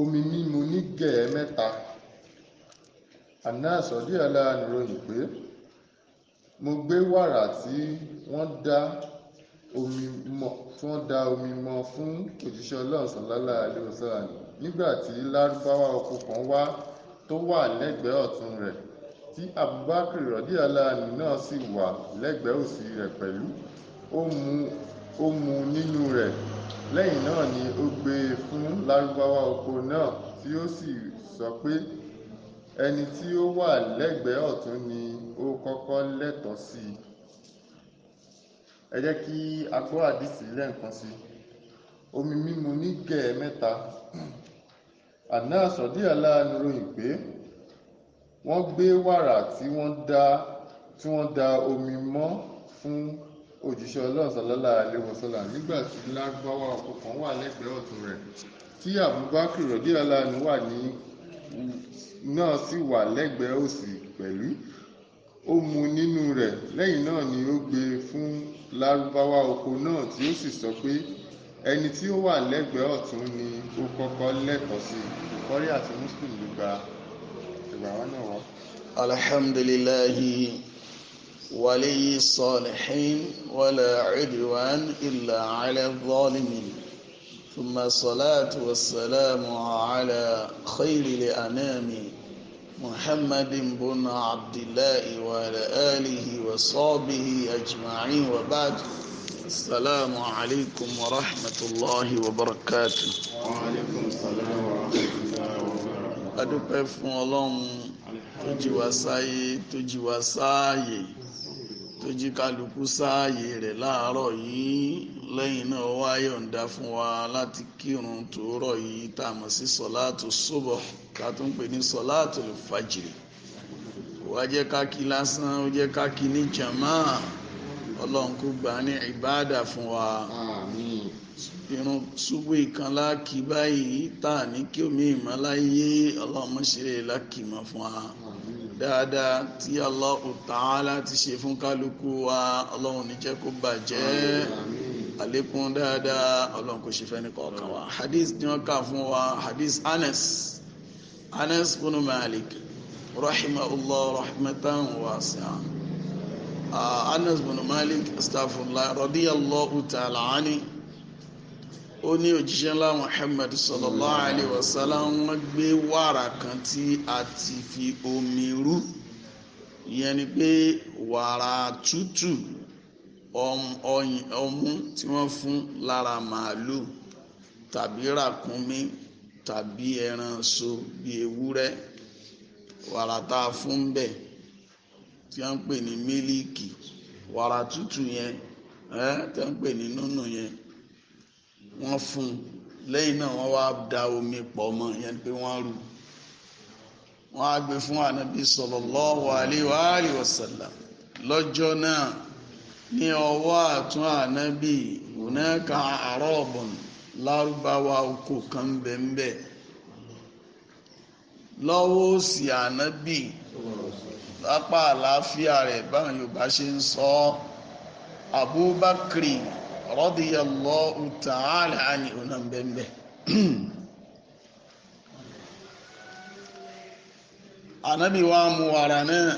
omi mímu ní gẹ̀ẹ́ mẹ́ta àná àsọ̀dí aláàánú ròyìn pé mo gbé wàrà tí wọ́n dá omi mọ́ tí wọ́n da omi mọ́ fún òjíṣẹ́ ọlọ́run sọ̀lálà àlẹ́wọ̀sára nígbà tí lárúbáwá ọkọ̀ kan wá tó wà lẹ́gbẹ̀ẹ́ ọ̀tún rẹ̀ tí abubakar rọ̀dí aláàánú náà sì wà lẹ́gbẹ̀ẹ́ òsì rẹ̀ pẹ̀lú ó mu nínú rẹ̀ lẹ́yìn náà ni ó gbé e fún lárúbáwá oko náà tí ó sì sọ pé ẹni tí ó wà lẹ́gbẹ̀ẹ́ ọ̀tún ni ó kọ́kọ́ lẹ́tọ̀ọ́ sí i ẹ jẹ́ kí a gbọ́ àdìsí lẹ́ǹkan sí i omi mímu ní gẹ̀ẹ́ mẹ́ta àná àsọ̀dí aláàánú ròyìn pé wọ́n gbé wàrà tí wọ́n da omi mọ́ fún òjíṣẹ́ ọlọ́run sàlọ́lá nígbà tí lágbáwá ọkọ̀ wà lẹ́gbẹ̀ẹ́ ọ̀tún rẹ̀ tí Abubakar rọ̀dí wà ní náà sì wà lẹ́gbẹ̀ẹ́ òsì pẹ̀lú ó mu nínú rẹ̀ lẹ́yìn náà ni ó gbé e fún lárúbáwá oko náà tí ó sì sọ pé ẹni tí ó wà lẹ́gbẹ̀ẹ́ ọ̀tún ni ó kọ́kọ́ lẹ́tọ̀ọ́ sí Bukhari àti Muslim ló ìgbà wọn náà wá. alhamdulilayi. ولي الصالحين ولا عدوان إلا على الظالمين ثم الصلاة والسلام على خير الأنام محمد بن عبد الله وعلى آله وصحبه أجمعين وبعد السلام عليكم ورحمة الله وبركاته وعليكم السلام ورحمة الله وبركاته أدوبي فون الله تجي وساي تجي وساي tó jí kálukú sáàyè rẹ̀ láàárọ̀ yìí lẹ́yìn náà wá yọ̀ǹda fún wa láti kírun tòórọ̀ yìí tá a mọ̀ sí sọ̀láàtù sóbọ̀ ká tó ń pè ní sọ̀láàtù fàjìrì wá jẹ́ ká kí lásán ó jẹ́ ká kí ní jàmáà ọlọ́run kó gbà ní ìbáàdà fún wa irun ṣubú ìkan láàkì báyìí tá a ní kí omi ìmọ̀ láyé ọlọ́run ṣe é fún wa. Amen dáadáa tí Allahu Ta'ala ti ṣe fún kálukú wa ọlọ́run ní jẹ́ kó bàjẹ́ àlékún dáadáa ọlọ́run kò ṣe fẹ́ ní kọ̀ọ̀kan wa hadith ni wọ́n kà fún wa hadith Anas Anas bunu Malik rahimahullah rahmatan wasi'an ah, Anas bunu Malik astaghfirullah radiyallahu ta'ala anhu ó ní òjíṣẹ́ ńlá Muhammad sallallahu alayhi wa sallam wọ́n gbé wàrà kan tí a ti fi omi rú ìyẹn ni pé wàrà tútù ọmú tí wọ́n fún lára màálù tàbí ràkúnmí tàbí ẹran so bí ewúrẹ́ wàrà tá a fún bẹ̀ tí wọ́n ń pè ní mílíìkì wàrà tútù yẹn tí wọ́n ń pè ní nùnù yẹn wọ́n fún un lẹ́yìn náà wọ́n wá da omi pọ̀ mọ́ yẹn pé wọ́n rú wọ́n á gbé fún ànábì sallallahu alaihi wa alihi wasallam lọ́jọ́ náà ní ọwọ́ àtún ànábì hunaka arabun lárúbáwá oko kan bẹ́ẹ̀ lọ́wọ́ òsì ànábì lápá àlàáfíà rẹ̀ báwọn Yorùbá ṣe ń sọ Abubakar radiyallahu ta'ala anhu náà ń bẹ́ẹ̀ bẹ́ẹ̀. ànábì wa mu wàrà náà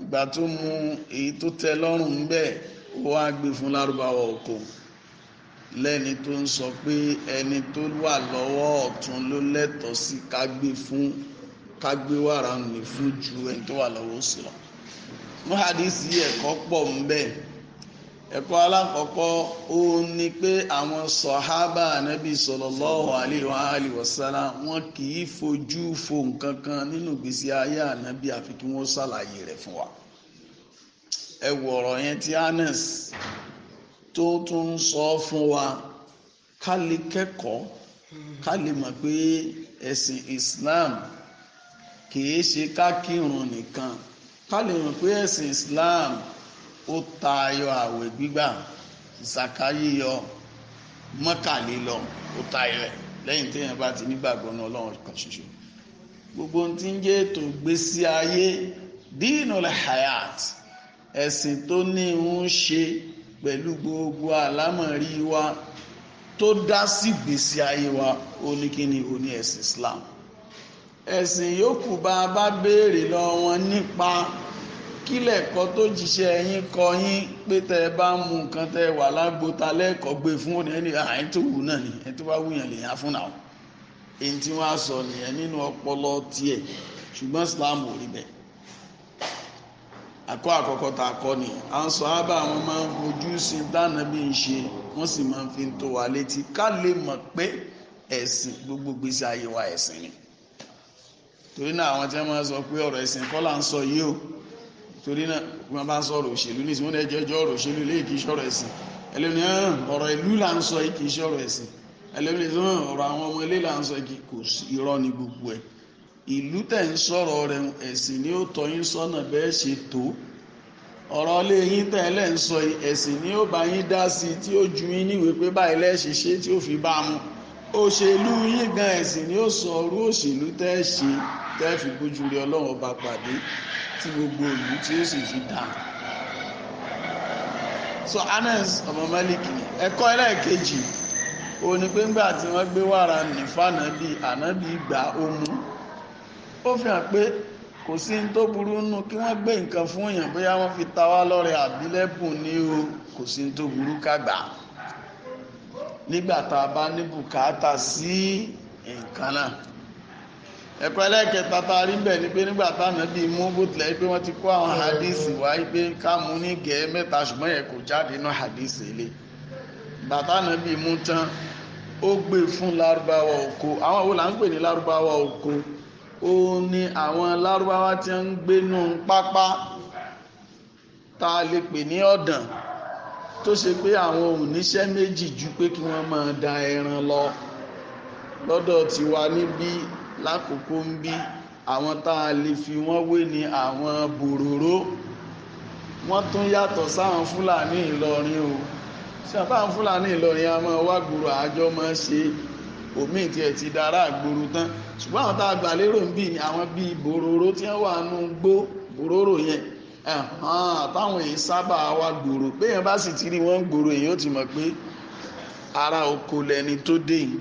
ìgbà tó mu èyí tó tẹ lọrụ bẹ́ẹ̀ o wa gbé fún larubawa oko lẹ́ni to n sọ pe ẹni to wà lọwọ ọ̀tún ló lẹ́tọ̀ọ́ sí ká gbé fún ká gbé wàrà nì fún ju ẹni tó wà lọwọ òsì lọ. mú hadisi ẹkọ pọ mbẹ. ẹ̀kọ́ alákọ̀ọ́kọ́ ó ní pé àwọn sọ̀hábà ànábì sallallahu alaihi wa wasallam wọn kì í fojú fo nǹkan kan nínú ìgbésí ayé ànábì àfi kí wọ́n ṣàlàyé rẹ̀ fún wa. ẹ wo ọ̀rọ̀ yẹn tí Anas tó tún sọ fún wa ká lè kẹ́kọ̀ọ́ ká lè mọ̀ pé ẹ̀sìn Islam kì í ṣe ká kírun nìkan ká lè mọ̀ pé ẹ̀sìn Islam ó tayọ àwẹ̀ gbígbà ìsàká yíyọ mọ́kàlélọ ó tayọ ẹ̀ lẹ́yìn téèyàn bá ti nígbàgbọ́ náà ọlọ́run kan ṣoṣo gbogbo ohun tí ń jẹ́ ètò ìgbésí ayé dinul hayat ẹ̀sìn tó ní ń ṣe pẹ̀lú gbogbo àlámọ̀rí wa tó dá sí ìgbésí ayé wa ó ní kí Islam ẹ̀sìn yòókù bá a bá béèrè lọ wọn nípa kí lẹ̀kọ́ tó jíṣẹ́ yín kọ́ yín pé tẹ́ ẹ bá mú nǹkan tẹ́ ẹ wà lágbóta lẹ́ẹ̀kọ́ gbé fún òní ẹni àyín ah, tó wù náà ni ẹni tó bá wù yàn lèyàn fún èyí tí wọ́n á sọ nìyẹn nínú ọpọlọ tiẹ̀ ṣùgbọ́n Islam ò rí bẹ́ẹ̀ àkọ́ àkọ́kọ́ tá a kọ́ ni à ń sọ ábà wọn máa ń fojú sí dáná bí n ṣe wọ́n sì máa ń fi tó wa létí ká lè mọ̀ pé ẹ̀sìn gbogbo gbèsè ayé wa ẹ̀sìn ni torí náà àwọn tí wọ́n máa sọ pé ọ̀rọ̀ ẹ̀sìn kọ́ là ń sọ yìí o torí náà bí wọ́n bá ń sọ̀rọ̀ òṣèlú ní ìsìnkú ẹjọ́ ẹjọ́ ọ̀rọ̀ òṣèlú ilé kì í ṣọ̀rọ̀ ẹ̀sìn ẹlẹ́mìíràn ọ̀rọ̀ ìlú là ń sọ kì í ṣọ̀rọ̀ ẹ̀sìn ẹlẹ́mìíràn ọ̀rọ̀ àwọn ọmọ ilé là ń sọ kì kò sí irọ́ ní gbogbo ẹ̀ ìlú tẹ̀ ń sọ̀rọ̀ rẹ̀ ẹ̀sìn ni ó tọ́ yín sọ́nà bẹ́ẹ̀ ṣe tó ọ̀rọ̀ ilé yín tẹ́lẹ̀ ń sọ ẹ̀sìn ni ó bá yín dá sí tí ó ju yín níwèé pé báyìí lẹ́ẹ̀ṣẹ̀ ṣe tí ó fi bá mu òṣèlú yín gan ẹ̀sìn ni ó sọ orú òṣèlú tẹ́ ṣe tẹ́ẹ̀fì bójú rí ọlọ́run ọba pàdé tí gbogbo ìlú tí ó sì fi dà so Anas ọmọ Malik ni ẹ̀kọ́ ẹlẹ́ẹ̀kejì òun ni pé ńgbà tí wọ́n gbé wàrà nífànàbí ànábì ìgbà omu ó fi hàn pé kò sí ní tó burú nù kí wọ́n gbé nǹkan fún èèyàn bóyá wọ́n fi ta wá lọ́rẹ àbílẹ́bùn ni o kò sí ní tó burú kàgbà nígbà tá a bá ní bùkátà sí nǹkan náà ẹ̀kọ́ ẹlẹ́kẹta tá a rí bẹ̀ ni pé nígbà táwọn bíi mú bùtìlẹ̀ pé wọ́n ti kó àwọn hadisi wá pé ká mú ní gẹ̀ẹ́ mẹ́ta ṣùgbọ́n yẹn kò jáde nínú hadisi ilé bàtà náà bíi mú tán ó gbé fún lárúbáwá oko àwọn wo là ń pè ní lárúbáwá oko ó ní àwọn lárúbáwá tí ń gbénú pápá tá a lè pè ní ọ̀dàn tó ṣe pé àwọn oníṣẹ́ méjì ju pé kí wọ́n máa da ẹran lọ lọ́dọ̀ tiwa níbí lákòókò ń bí àwọn tá a lè fi wọ́n wé ni àwọn bòròró wọ́n tún yàtọ̀ sáwọn fúlàní ìlọrin o sábàá fúlàní ìlọrin a máa wá gbòòrò àjọ máa ṣe òmíì tiẹ̀ ti dára àgbòòrò tán ṣùgbọ́n àwọn tá a gbà lérò ń bì ní àwọn bíi bòròró tí wọ́n wà nù gbó bòròró yẹn táwọn èyí sábà wá gbòòrò béèyàn bá sì ti rí wọ́n gbòòrò èyí ó ti mọ̀ pé ara oko lẹni tó dé yìí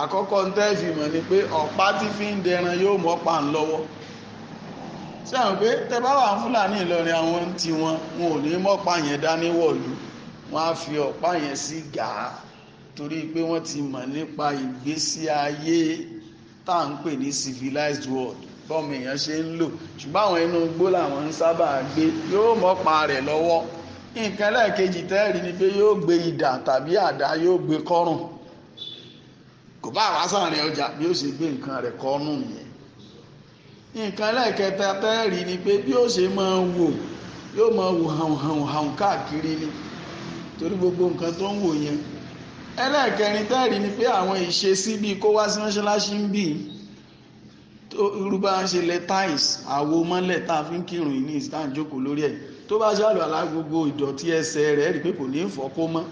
àkọ́kọ́ ń tẹ́ fi mọ̀ ni pé ọ̀pá tí fi ń dẹran yóò mọ́ pa ń lọ́wọ́ ṣé àwọn pé tẹ bá wà fúlàní ìlọrin àwọn tí wọn wọn ò ní mọ́pá yẹn dání wọ̀lú wọn á fi ọ̀pá yẹn sí gàá torí pé wọ́n ti mọ̀ nípa ìgbésí ayé tá à ń pè ní civilized world bọ́ọ̀mù èèyàn ṣe ń lò ṣùgbọ́n àwọn inú igbó làwọn ń sábà gbé yóò mọ́pá rẹ̀ lọ́wọ́ nǹkan lẹ́ẹ̀kejì tẹ́ẹ̀rí ni pé yóò gbé idà tàbí àdá yóò gbé kọ́rùn-ún kò bá wá sáàrin ọjà bí ó ṣe gbé nǹkan rẹ̀ kọ́nù nìyẹn nǹkan ẹlẹ́ẹ̀kẹta tẹ́ẹ̀rí ni pé bí ó ṣe máa ń wò yóò máa wò hàùhàùhàù káàkiri ni torí gbogbo nǹkan tó ń wò yẹn ẹlẹ́ẹ̀kẹrin tẹ́ẹ̀rí ni pé àwọn ìṣesí bíi kó wá sí mọ́ṣáláṣí ń bì tó irú bá ń ṣe lẹ táìs àwo mọ́lẹ̀ tá a fi ń kírun ìní ìsìtá ìjókòó lórí ẹ̀ tó bá ṣàlùwàlá gbogbo ìdọ̀tí ẹsẹ̀ rẹ̀ rí pé kò ní fọ́ kó mọ́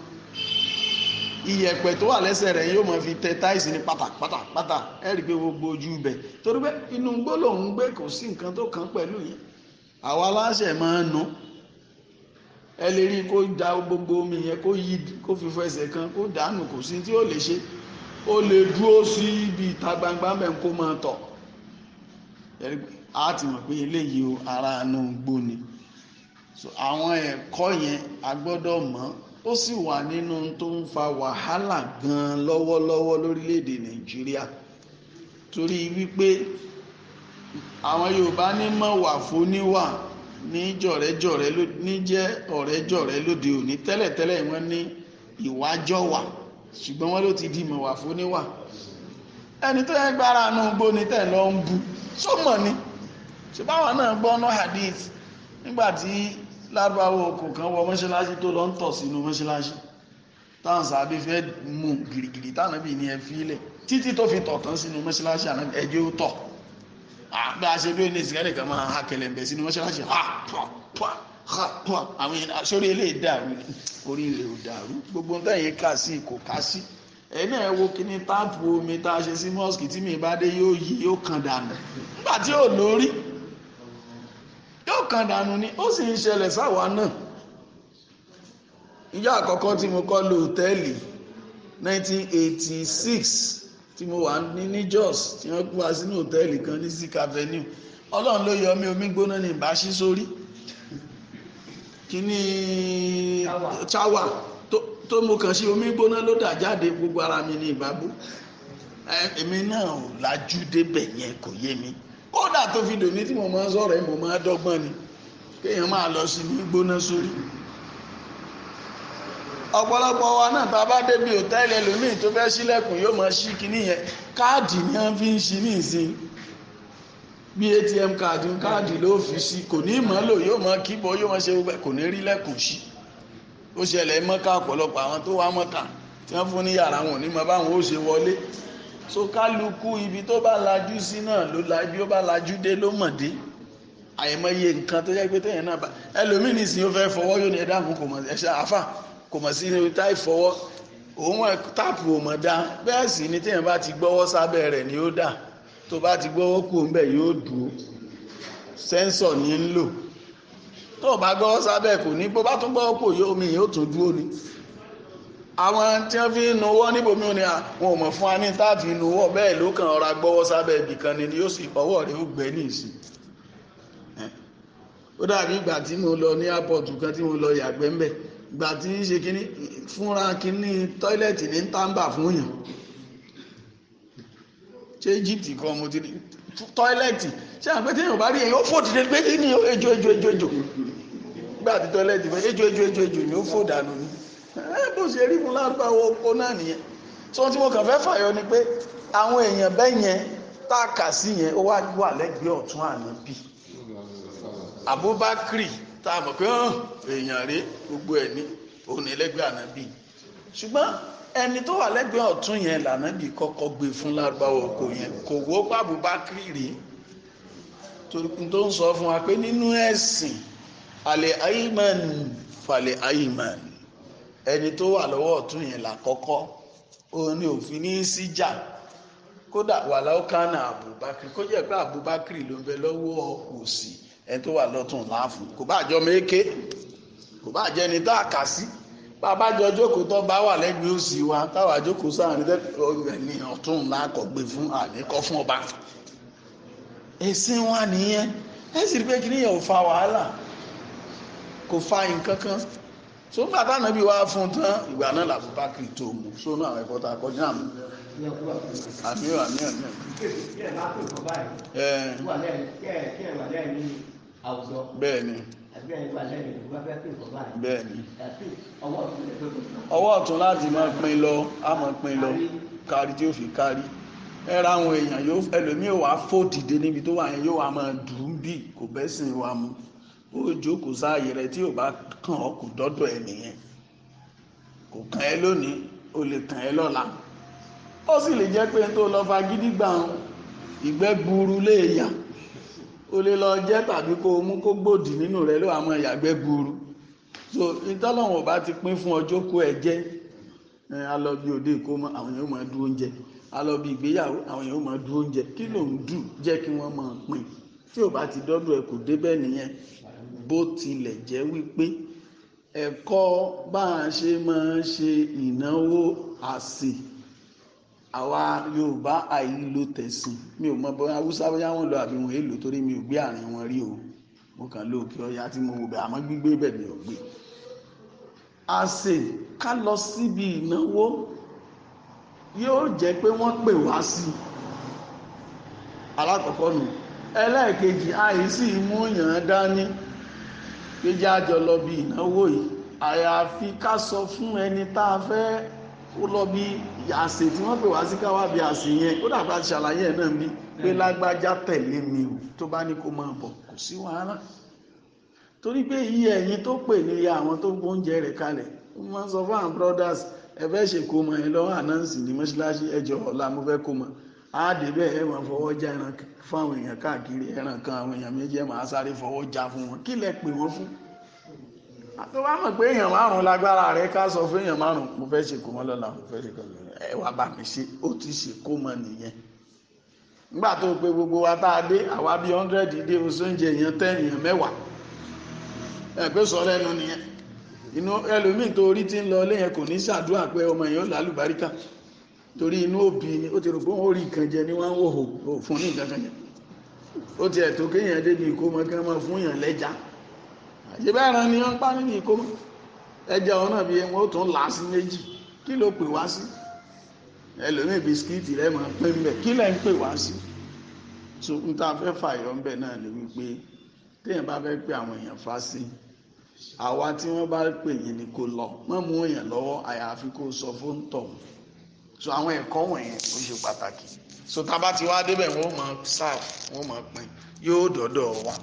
iyẹ̀pẹ̀ tó wà lẹ́sẹ̀ rẹ̀ yóò mọ̀ fi tẹ táìsì ní pátápátápátá ẹ rí i pé gbogbo ojú ibẹ̀ torí pé inú gbólóhùn gbé kò sí nǹkan tó kàn pẹ̀lú yìí àwa aláṣẹ máa ń nu ẹ lè rí i kó da gbogbo omi yẹn kó yí kó fi fẹsẹ̀ kan kó dànù kò sí tí ó lè ṣe ó lè dúró sí ibi ìta gbangba mẹ́ kó máa tọ̀ á ti mọ̀ pé eléyìí ara àánú gbóni àwọn ẹ̀kọ́ yẹn a gbọ́dọ̀ mọ̀ ọ́ ó sì wà nínú tó ń fa wàhálà gan-an lọ́wọ́lọ́wọ́ lórílẹ̀‐èdè nàìjíríà torí wípé àwọn yorùbá ní mọ̀ wà fóníwà ní jọ̀rẹ́jọ̀rẹ́ ní jẹ́ ọ̀rẹ́jọ̀rẹ́ lóde òní tẹ́lẹ̀tẹ́lẹ̀ wọ́n ní ìwájọ́wà ṣùgbọ́n wọ́n ló ti di mọ̀ wà fóníwà ẹni tó yẹn gbára nu gbó ni tẹ̀ lọ ń bu sọ́mọ̀ ni ṣùgbọ́n àwọn náà gbọ́ ná hadith nígbà tí lárúbáwọ̀ ọkọ̀ kan wọ mọ́ṣáláṣí tó lọ ń tọ̀ sínú mọ́ṣáláṣí táwọn sàábé fẹ́ mú gìrìgìrì táwọn bí ní ẹ fílẹ̀ títí tó fi tọ̀ tán sínú mọ́ṣáláṣí ànábì ẹjẹ́ ó tọ̀ àgbà aṣèlú ilé ìsìnkẹ́lẹ̀ kan máa ha kẹlẹ̀mbẹ̀ sínú mọ́ṣáláṣí ha pọ̀ pọ̀ ha pọ̀ àwọn èèyàn sórí ilé ìdàrú ni orí ilé ìdàrú gbogbo nǹkan yẹn kà sí kò ká sí ẹni ẹ wo kí ni táàpù omi tá a ṣe sí mọ́ọ̀sì tí mi bá dé yóò yí yóò kàn dànù nígbà tí ò lórí kan dànù ni ó sì ń ṣẹlẹ̀ sáwa náà ìjọ́ àkọ́kọ́ tí mo kọ́ lò hòtẹ́ẹ̀lì 1986 tí mo wà ní ní Jos tí wọ́n kú wa sínú hòtẹ́ẹ̀lì kan ní Zik Avenue ọlọ́run ló yọ mí omi gbóná ní ìbáṣí sórí kíní chawa tó mo kàn sí omi gbóná ló dà jáde gbogbo ara mi ní ìbábú èmi náà ò lajú débẹ̀ yẹn kò yé mi kódà tó fi dòní tí mo máa ń sọ̀rọ̀ ẹ̀ mo máa dọ́gbọ́n ni kéèyàn máa lọ sí mi gbóná sórí ọ̀pọ̀lọpọ̀ wa náà tá a bá débi òtẹ́ẹ̀lì ẹlòmíì tó fẹ́ sílẹ̀kùn yóò máa ṣí kinní yẹn káàdì ni wọ́n fi ń ṣí nìsín bí atm káàdì káàdì ló fi sí kò ní mọ́ lò yóò máa kíbọ̀ yóò máa ṣe gbogbo kò ní rí lẹ́kùn sí ó ṣẹlẹ̀ mọ́ká ọ̀pọ̀lọpọ̀ àwọn tó wá mọ́ká tí wọ́n fún ní yàrá wọn ò ní mọ báwọn ó ṣe wọlé so kálukú ibi tó bá lajú sí náà ló la ibi ó bá lajú dé ló mọ̀ dé àìmọye nǹkan tó yẹ pé téèyàn náà bá ẹlòmíì nìsín ó fẹ́ fọwọ́ yóò ní ẹ̀dá àmú kò mọ̀ ẹ̀ṣẹ̀ àfà kò mọ̀ sí ní táì fọwọ́ òun ẹ̀ táàpù ò mọ̀ dá bẹ́ẹ̀ sì ni téèyàn bá ti gbọ́wọ́ sábẹ́ rẹ̀ ni ó dà tó bá ti gbọ́wọ́ kú ńbẹ̀ yóò dùn sẹ́ńsọ̀ ní ń lò tó bá gbọ́wọ́ sábẹ́ kò ní bó bá tún gbọ́wọ́ kú omi yóò tún dúró ni àwọn tí wọ́n fi ń nuwọ́ níbòmí ò ní à wọn ò mọ̀ fún wa ní táàfì nuwọ́ bẹ́ẹ̀ ló kàn ọ̀rá gbọ́wọ́ sábẹ́ ibì kan ni yóò sì ọwọ́ rẹ̀ ó gbẹ ní ìsìn ó dàbí ìgbà tí mo lọ ní ápọ̀tù kan tí mo lọ yàgbẹ́ ń bẹ̀ ìgbà tí ń ṣe kíní fúnra kíní tọ́ílẹ̀tì ní tàǹbà fún yàn ṣé Egypt kan mo ti ní tọ́ílẹ̀tì ṣé àpẹtẹ yóò bá rí èyí ó fò dìde pé kí ni ejò ejò ejò ejò gbà tí tọ́ílẹ̀tì fún ejò ejò ejò ejò ni ó fò dànù ni ṣe rí fún lárúbáwọ̀ oko náà nìyẹn tó tí mo kàn fẹ́ fàyọ ni pé àwọn èèyàn bẹ́ẹ̀ yẹn tá a kà sí yẹn ó wá wà lẹ́gbẹ̀ẹ́ ọ̀tún ànábì Abubakar tá a mọ̀ pé hàn èèyàn rèé gbogbo ẹ̀ ní òun ní lẹ́gbẹ̀ẹ́ ànábì ṣùgbọ́n ẹni tó wà lẹ́gbẹ̀ẹ́ ọ̀tún yẹn lànábì kọ́kọ́ gbé fún lárúbáwọ̀ oko yẹn kò wó pa Abubakar rèé torí tó ń sọ fún wa pé nínú ẹ̀sìn àlẹ́ ayman falẹ̀ ayman ẹni tó wà lọ́wọ́ ọ̀tún yẹn làkọ́kọ́ òun ni òfin ní í síjà kódà wàláwó kánà Abubakar kó jẹ́ pé Abubakar ló ń bẹ lọ́wọ́ òsì ẹni tó wà lọ́tún láàfún kò bá àjọ méke kò bá àjọ ẹni tá a kà sí bàbá àjọ jókòó tó bá wà lẹ́gbẹ̀ẹ́ òsì wa táwa jókòó sáàrin ní ọ̀tún lákọ̀gbé fún àníkọ́ fún ọba ẹ̀sìn wa nìyẹn ẹ pé kí so nígbà táwọn ẹbí wa fún tán ìgbà náà làbúbákì tó mú sónú àwọn ẹ̀fọ́ tá a kọjá àmì àmì àmì àmì. bẹ́ẹ̀ ni bẹ́ẹ̀ ni ọwọ́ ọ̀tún láti máa pín lọ á máa pín lọ kárí tí ó fi kárí ẹra àwọn èèyàn ẹlòmíì wàá fò dìde níbi tó wà yẹn yóò wá máa dùn bí kò bẹ́sìn wa mu bó o jókòó sáàyè rẹ tí o bá kàn ọ́ kò dọ́dọ̀ ẹ nìyẹn kò kàn ẹ́ lónìí o lè kàn ẹ́ lọ́la ó sì lè jẹ́ pé n tó lọ fagídí gbà ń ìgbẹ́ gbuuru lè yà o lè lọ jẹ́ tàbí kó o mú kó gbòdì nínú rẹ ló àmọ́ ìyàgbẹ́ gbuuru so ìtọ́lọ́wọ̀n ò bá ti pín fún ọjọ́ kó ẹ jẹ́ alọ́bí òde kó àwọn èèyàn máa dúró oúnjẹ alọ́bí ìgbéyàwó àwọn èèyàn máa dúró oúnjẹ kí ló ń dù jẹ́ kí wọ́n máa pín tí ò bá ti dọ́dọ̀ ẹ kò débẹ̀ nìyẹn bó tilẹ̀ jẹ́ wípé ẹ̀kọ́ bá a ṣe máa ṣe ìnáwó àsè àwa Yorùbá àìlò tẹ̀sìn mi ò mọ bóyá Haúsá bóyá wọn lọ àbí wọn èlò torí mi ò gbé àárín wọn rí o mo kàn lọ Òkè Ọya tí mo wò bẹ àmọ́ gbígbé bẹ mi ò gbé àsè ká lọ síbi ìnáwó yóò jẹ́ pé wọ́n pè wá sí i alákọ̀ọ́kọ́ nù ẹlẹ́ẹ̀kejì àìsí ìmúyàn dání péjá àjọ lọ bí ìnáwó yìí àyàfi ká sọ fún ẹni tá a fẹ́ ó lọ bí àsè tí wọ́n pè wá sí káwá bí àsè yẹn ó dàgbà ṣàlàyé ẹ̀ náà bí pé hmm. lágbájá tẹ̀lé mi o tó bá ní kó máa bọ̀ kò sí wàhálà torí pé iye ẹ̀yin tó pè ní iye àwọn tó gbóúnjẹ rẹ̀ kalẹ̀ ó máa sọ fún àwọn brothers ẹ fẹ́ ṣèkómọ ẹ lọ́wọ́ ànáǹsì ní mọ́ṣáláṣí ẹjọ́ ọ̀la mo fẹ́ kó mọ́ a débẹ̀ ẹ máa fọwọ́ já ẹran èèyàn ẹran kan àwọn èèyàn méjì ẹ máa sáré fọwọ́ já fún wọn kí lẹ pè wọ́n fún tó bá mọ̀ márùn-ún lágbára ká sọ fún èèyàn márùn-ún mo fẹ́ ṣe kó mọ́ lọ́la mo fẹ́ ṣe kó lọ́la ẹ bá mi ti ṣe kó nìyẹn nígbà tó gbogbo wa tá a dé àwa bíi hundred dé oṣù oúnjẹ èèyàn tẹ́ èèyàn mẹ́wàá ẹ pé sọ torí inú òbí ni ó ti rò pé wọ́n rí nǹkan jẹ ní wọ́n wòhò fún ní nǹkan kan jẹ ó ti ẹ̀tọ́ kéèyàn débi ìkómọ kí wọ́n máa fún yàn lẹ́jà àṣebẹ́ ẹran ni wọ́n pa níbi ìkómọ ẹja ọ̀nà bí wọ́n tún là á sí méjì kí ló pè wá sí ẹlòmíì bisikíìtì rẹ máa pín bẹ kí lẹ́ ń pè wá sí tó ń ta fẹ́ fàyọ̀ ńbẹ náà lè wípé téèyàn bá fẹ́ pé àwọn èèyàn fá sí àwa tí wọ́n bá pè yín ni kò lọ mọ́ mú èèyàn lọ́wọ́ àyàfi kó sọ fóńtọ̀ so àwọn ẹ̀kọ́ wọ̀nyẹn ó ṣe pàtàkì so tá a bá ti wá débẹ̀ wọ́n ó máa serve wọ́n ó máa pín yóò dọ́dọ̀ wa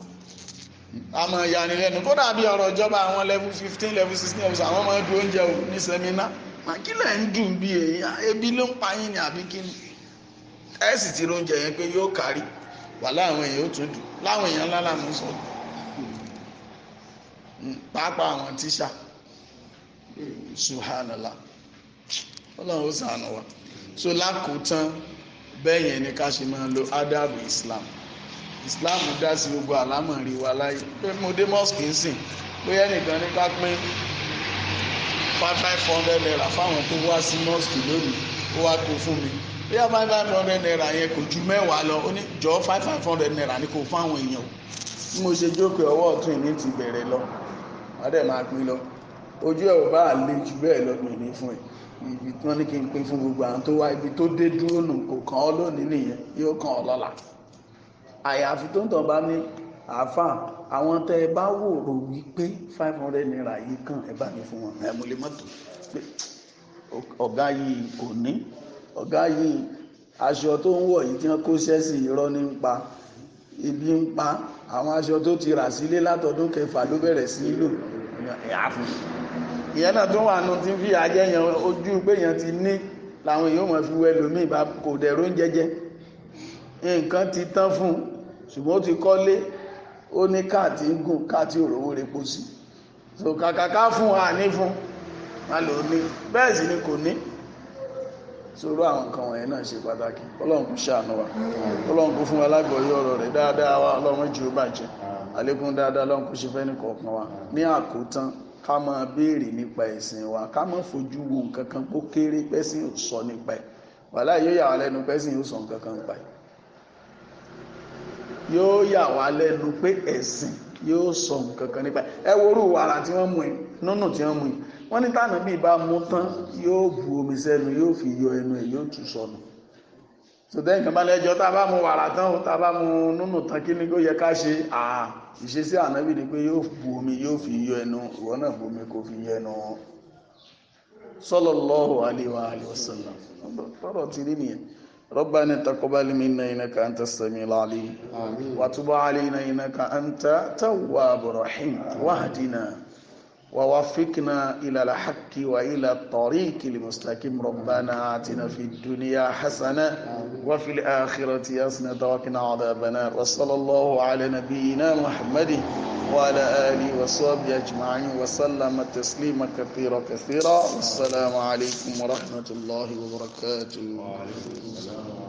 àmọ́ ìyanilẹ́nu kó dàbí ọ̀rọ̀ ìjọba àwọn level fifteen level sixteen level àwọn máa du oúnjẹ o ní sẹ́mínà màkí lẹ̀ ń dùn bí èyí ebi ló ń pa yín ni àbí kí ni ẹ sì ti oúnjẹ yẹn pé yóò kárí wà láwọn èèyàn ó tún dùn láwọn èèyàn ńlá làwọn sọ hmm, pàápàá àwọn tíṣà hmm, subhanallah ọlọ́run ó sànù wa so lákòótán bẹ́ẹ̀ yẹn ni ká ṣe máa lo adabu islam islam dá sí gbogbo àlámọ̀rí wa láyé pé mo dé mosque ń sìn bóyá nìkan ní ká pín five five hundred naira fáwọn tó wá sí mosque lónìí ó wá kó fún mi bóyá five five hundred naira yẹn kò ju mẹ́wàá lọ ó ní jọ five five hundred naira ni kò fáwọn èèyàn bí mo ṣe jókòó ọwọ́ ọ̀tún ìní ti bẹ̀rẹ̀ lọ wọ́n dẹ̀ máa pín lọ ojú ẹ̀ ò bá lè jù bẹ́ẹ̀ lọ́dún ìní fún ẹ̀ ibi tí wọ́n ní kí n pín fún gbogbo àwọn tó wá ibi tó dé dúró nù kò kàn ọ́ lónìí nìyẹn yóò kàn ọ́ lọ́la àyàfi tó ń tọ̀ bá ní àáfà àwọn tẹ́ ẹ bá wòrò wípé five hundred naira yìí kàn ẹ bá ní fún wọn ẹ mo lè mọ́tò pé ọ̀gá yìí kò ní ọ̀gá yìí aṣọ tó ń wọ̀ yìí tí wọ́n kó sẹ́sì irọ́ ní ń pa ibi ń pa àwọn aṣọ tó ti rà sílé látọdún kẹfà ló bẹ̀rẹ̀ sí í lò ẹ̀ fún un ìyẹn náà tún wà nù tí ń fi àjẹyàn ojú pé èèyàn ti ní làwọn èèyàn mọ̀ fi wẹ lómi ìbá kò dẹ̀rọ ń jẹjẹ nǹkan ti tán fún un ṣùgbọ́n ó ti kọ́lé ó ní káàtì ń gùn káàtì òróró repo sí so kàkàká fún wa ní fún wa lò ní bẹ́ẹ̀ sì ni kò ní sọ̀rọ̀ àwọn nǹkan wọ̀nyẹn náà ṣe pàtàkì ọlọ́run kò ṣàánú wa ọlọ́run kò fún wa lágbọ̀ọ́yé ọ̀rọ̀ rẹ̀ dáadáa wa ọlọ́run jù ú bàjẹ́ àlékún dáadáa ọlọ́run kò ṣe fẹ́ nìkọ̀ọ̀kan wa ní àkótán ká máa béèrè nípa ẹ̀sìn wa ká má fojú wo nǹkan kan kó kéré pẹ́sìn ò sọ nípa ẹ̀ wàhálà yóò yà wá lẹ́nu pẹ́sìn ò sọ nǹkan kan pa ẹ̀ yóò yà wá lẹ́nu pé ẹ̀sìn yóò sọ nǹkan kan nípa ẹ̀ ẹ worú wàrà tí wọ́n mú ẹ nùnù tí wọ́n mú ẹ wọ́n ní tànà bíi bá mú tán yóò bu omi sẹ́nu yóò fi yọ ẹnu ẹ̀ yóò tù sọnù sọtẹ́ nǹkan bá lẹ́jọ́ tá a bá mu wàrà tán tá a bá mu nùnù tán kí ni kó yẹ ká ṣe àá ìṣesí ànábì ni pé yóò bu omi yóò fi yọ ẹnu ìwọ náà bu omi kò fi yọ ẹnu sallallahu alaihi wa fọlọ ti rí nìyẹn ربنا تقبل منا انك انت السميع العليم وتب علينا انك انت تواب رحيم واهدنا ووفقنا إلى الحق وإلى الطريق المستقيم ربنا آتنا في الدنيا حسنة وفي الآخرة حسنة وقنا عذاب النار وصلى الله على نبينا محمد وعلى آله وصحبه أجمعين وسلم تسليما كثيرا كثيرا والسلام عليكم ورحمة الله وبركاته وعليكم السلام